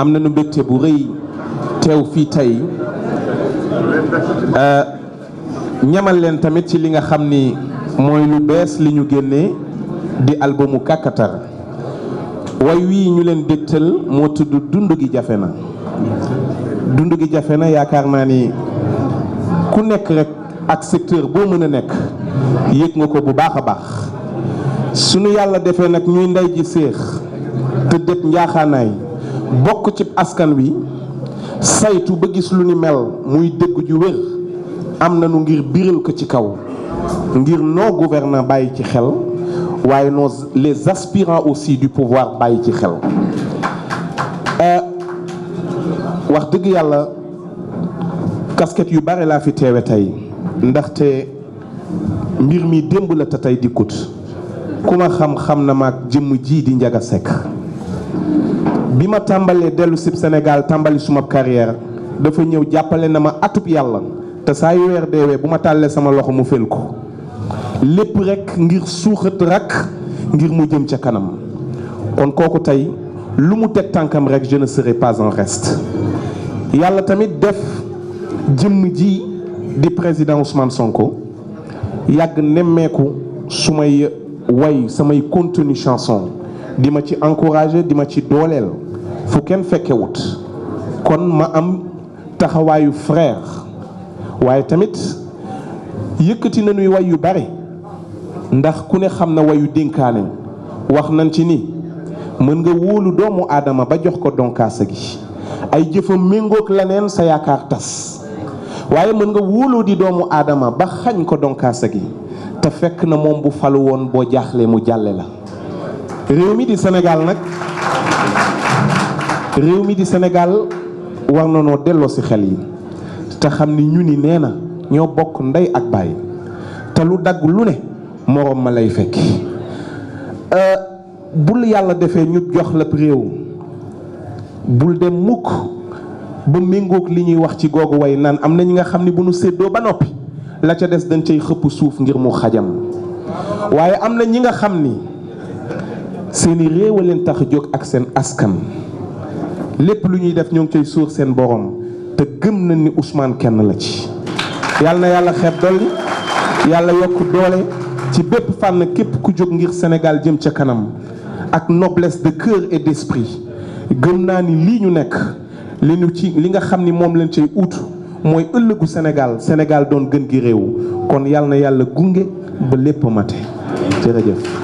am nañu mbégte bu rëy teew fii tey euh, ñamal leen tamit ci li nga xam ni mooy lu bees li ñu génnee di albumu kàkkatar way wii ñu leen dégtal moo tudd dund gi jafe na dund gi jafe na yaakaar naa ni ku nekk rek ak secteur boo mën a nekk yëg nga ko bu baax a baax suñu yàlla defee nag ñuy nday ji séex te njaaxaanaay bokk ci askan wi saytu ba gis lu ni mel muy dëgg ju wér am na nu ngir biral ko ci kaw ngir nos gouvernants bàyyi ci xel waaye noo les aspirants aussi du pouvoir bàyyi ci xel euh, wax dëgg yàlla casquette yu bare laa fi teewe tey ndaxte mbir mi démb la te tey dikkut ku ma xam xam na maag jëmm ji di njaga sekk bi ma tàmbalee dellu sib Sénégal tàmbali suma carrière dafa ñëw jàppale na ma atub yàlla te saa yu weer deewee bu ma tàllee sama loxo mu fel ko lépp rek ngir suuxat rak ngir mu jëm ca kanam kon kooku tey lu mu teg tànkam rek je ne serai pas en reste yàlla tamit def jëmm ji di président Ousmane Sonko yàgg nemmeeku su may way samay contenu chanson di ma ci encouragé di ma ci dooleel fu kenn fekkewut kon ma am taxawaayu frère waaye tamit yëkkati nañuy way yu bare ndax ku ne xam na wayu dénkaane wax nañ ci ni mën nga wóolu doomu aadama ba jox ko donkaasa gi ay jëfam méngoog leneen sa yaakaar tas waaye mën nga wóolu di doomu aadama ba xañ ko donkaasa gi te fekk na moom bu falu woon boo jaaxlee mu jàlle la réew mi di Sénégal nag réew mi di senegal war na noo delloo ci xel yi te xam ni ñu ni nee na ñoo bokk ndey ak baay te lu dagg lu ne moroom ma lay fekk euh, bul yàlla defee ñu jox la réew bul dem mukk ba méngoog li ñuy wax ci googu way naan am na ñi nga xam ni bu nu séddoo ba noppi la ca des dañ cay xëpp suuf ngir mu xajam waaye am na ñi nga xam ni seeni réew a leen tax jóg ak seen askan lépp lu ñuy def ñoo ngi koy suur seen borom te gën nañ ni Ousmane kenn la ci. yàlla na yàlla xeeb dolli yàlla yokk doole ci bépp fànn képp ku jóg ngir Sénégal jëm ca kanam ak noblesse de cœur et d'esprit gëm naa ni lii ñu nekk li ci li nga xam ni moom lañ cay ut mooy ëllëgu Sénégal Sénégal doon gën gi réew kon yàlla na yàlla gunge ba lépp mate jërëjëf.